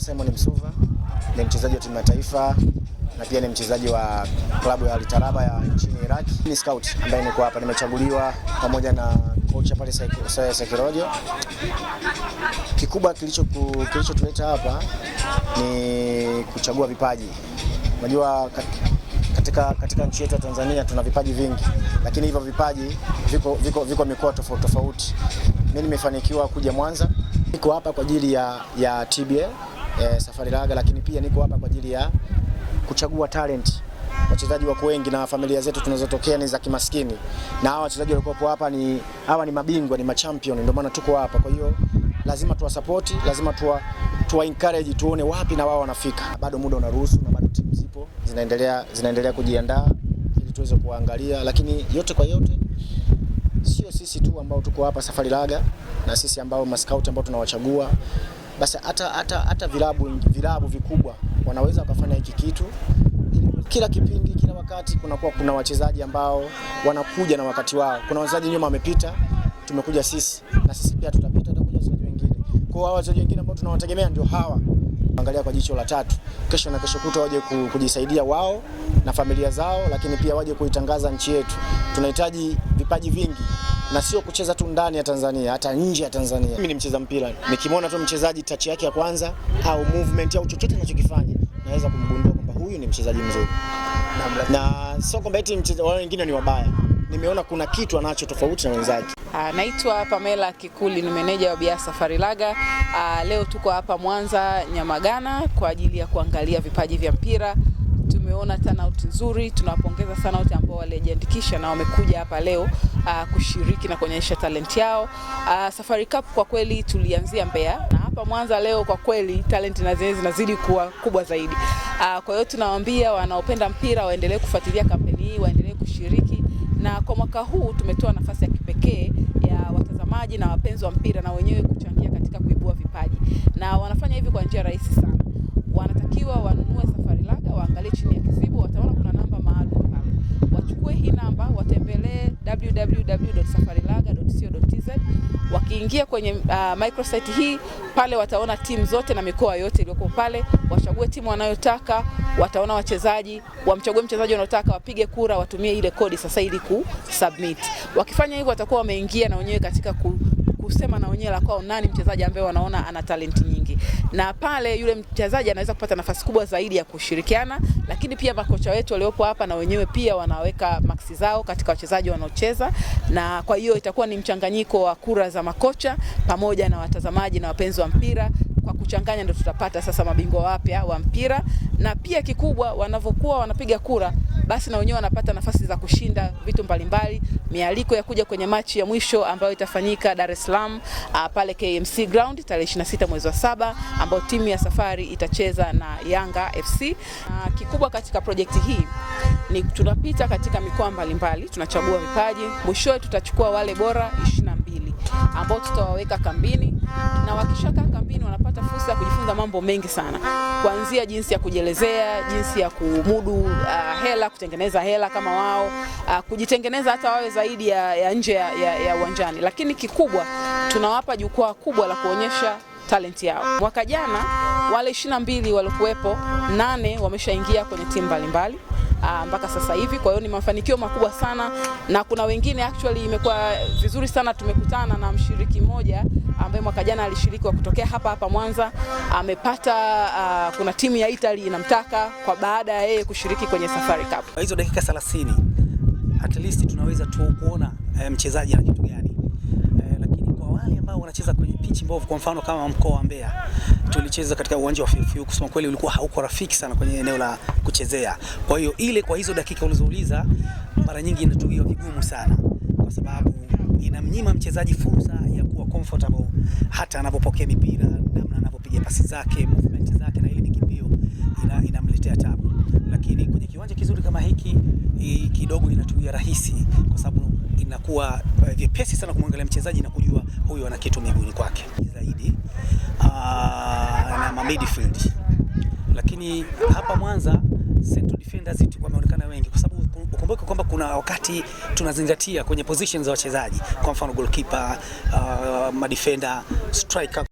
naitwa Simon Msuva, ni mchezaji wa timu ya taifa na pia ni mchezaji wa klabu ya al ya nchini Iraq. Ni scout ambaye niko hapa, nimechaguliwa pamoja na kocha pale Sekirojo. Kikubwa kilichotuleta kilicho hapa ni kuchagua vipaji. Unajua katika, katika nchi yetu ya Tanzania tuna vipaji vingi, lakini hivyo vipaji viko, viko, viko mikoa tofauti tofauti. Mimi nimefanikiwa kuja Mwanza, niko hapa kwa ajili ya, ya TBL eh, Safari raga lakini pia niko hapa kwa ajili ya kuchagua talent wachezaji wako wengi na familia zetu tunazotokea ni za kimaskini, na hawa wachezaji walikuwa hapa ni hawa ni mabingwa, ni machampion, ndio maana tuko hapa. Kwa hiyo lazima tuwasapoti, lazima tuwa, tuwa encourage, tuone wapi na wao wanafika. Bado muda unaruhusu na bado timu zipo zinaendelea, zinaendelea kujiandaa ili tuweze kuangalia, lakini yote kwa yote sio sisi tu ambao tuko hapa Safari Laga na sisi ambao maskauti ambao tunawachagua basi hata hata hata vilabu vilabu vikubwa wanaweza wakafanya hiki kitu. Kila kipindi, kila wakati kunakuwa kuna wachezaji ambao wanakuja na wakati wao. Kuna wachezaji nyuma wamepita, tumekuja sisi na sisi pia tutapita, tutakuja wachezaji wengine. Kwa hiyo wachezaji wengine ambao tunawategemea ndio hawa, angalia kwa jicho la tatu, kesho na kesho kuto waje kujisaidia wao na familia zao, lakini pia waje kuitangaza nchi yetu. Tunahitaji vipaji vingi na sio kucheza tu ndani ya Tanzania, hata nje ya Tanzania. Mimi ni mcheza mpira, nikimwona tu mchezaji touch yake ya kwanza au movement au chochote anachokifanya naweza kumgundua kwamba huyu ni mchezaji mzuri, na sio kwamba eti wale wengine ni wabaya. Nimeona kuna kitu anacho tofauti na wenzake. Ah, naitwa Pamela Kikuli, ni meneja wa Biasa Farilaga. Ah, leo tuko hapa Mwanza Nyamagana kwa ajili ya kuangalia vipaji vya mpira tumeona turnout nzuri. Tunawapongeza sana wote ambao walijiandikisha na wamekuja hapa leo uh, kushiriki na kuonyesha talenti yao. Uh, Safari Cup kwa kweli tulianzia Mbeya na hapa Mwanza leo kwa kweli talenti na zenyewe zinazidi kuwa kubwa zaidi. Uh, kwa hiyo tunawaambia wanaopenda mpira waendelee kufuatilia kampeni hii, waendelee kushiriki, na kwa mwaka huu tumetoa nafasi ya kipekee ya watazamaji na wapenzi wa mpira na wenyewe kuchangia katika kuibua vipaji, na wanafanya hivi kwa njia rahisi sana. Wanatakiwa wanunue safari waangalie chini ya kizibo, wataona kuna namba maalum pale, wachukue hii namba, watembelee www.safarilaga.co.tz. Wakiingia kwenye uh, microsite hii pale, wataona timu zote na mikoa yote iliyoko pale, wachague timu wanayotaka, wataona wachezaji, wamchague mchezaji wanaotaka, wapige kura, watumie ile kodi sasa ili kusubmit. Wakifanya hivyo, watakuwa wameingia na wenyewe katika kusema na wenyewe la kwao, nani mchezaji ambaye wanaona ana talenti nyingi na pale yule mchezaji anaweza kupata nafasi kubwa zaidi ya kushirikiana, lakini pia makocha wetu waliopo hapa na wenyewe pia wanaweka maksi zao katika wachezaji wanaocheza, na kwa hiyo itakuwa ni mchanganyiko wa kura za makocha pamoja na watazamaji na wapenzi wa mpira kwa kuchanganya ndo tutapata sasa mabingwa wapya wa mpira, na pia kikubwa, wanavyokuwa wanapiga kura, basi na wenyewe wanapata nafasi za kushinda vitu mbalimbali, mialiko ya kuja kwenye machi ya mwisho ambayo itafanyika Dar es Salaam ah, pale KMC Ground tarehe 26 mwezi wa saba, ambayo timu ya Safari itacheza na Yanga FC. Na ah, kikubwa katika projekti hii ni tunapita katika mikoa mbalimbali, tunachagua vipaji, mwishowe tutachukua wale bora 22 ambao tutawaweka kambini na wakishakaa kampini wanapata fursa ya kujifunza mambo mengi sana, kuanzia jinsi ya kujielezea, jinsi ya kumudu uh, hela, kutengeneza hela kama wao uh, kujitengeneza hata wawe zaidi ya, ya nje ya, ya, ya uwanjani, lakini kikubwa tunawapa jukwaa kubwa la kuonyesha talenti yao. Mwaka jana wale 22 waliokuwepo nane wameshaingia kwenye timu mbalimbali uh, mpaka sasa hivi. Kwa hiyo ni mafanikio makubwa sana, na kuna wengine actually, imekuwa vizuri sana. Tumekutana na mshiriki mmoja ambaye mwaka jana alishiriki wa kutokea hapa hapa Mwanza, amepata uh, kuna timu ya Italy inamtaka kwa baada ya yeye kushiriki kwenye Safari Cup. Hizo dakika 30 at least tunaweza tu kuona eh, mchezaji um, wale ambao wanacheza kwenye pichi mbovu, kwa mfano kama mkoa wa Mbeya tulicheza katika uwanja wa FFU, kusema kweli ulikuwa hauko rafiki sana kwenye eneo la kuchezea. Kwa hiyo ile, kwa hizo dakika ulizouliza, mara nyingi inatugia vigumu sana, kwa sababu inamnyima mchezaji fursa ya kuwa comfortable hata anapopokea mipira, namna anavyopiga pasi zake, movement zake na ile mikimbio inamletea ina tabu lakini kwenye kiwanja kizuri kama hiki kidogo inatumia rahisi, kwa sababu inakuwa eh, vyepesi sana kumwangalia mchezaji na kujua huyu ana kitu miguuni kwake zaidi ah, na midfield. Lakini hapa Mwanza central defenders wameonekana wengi, kwa sababu ukumbuke kwamba kuna wakati tunazingatia kwenye positions za wachezaji, kwa mfano goalkeeper, uh, ah, madefender, striker.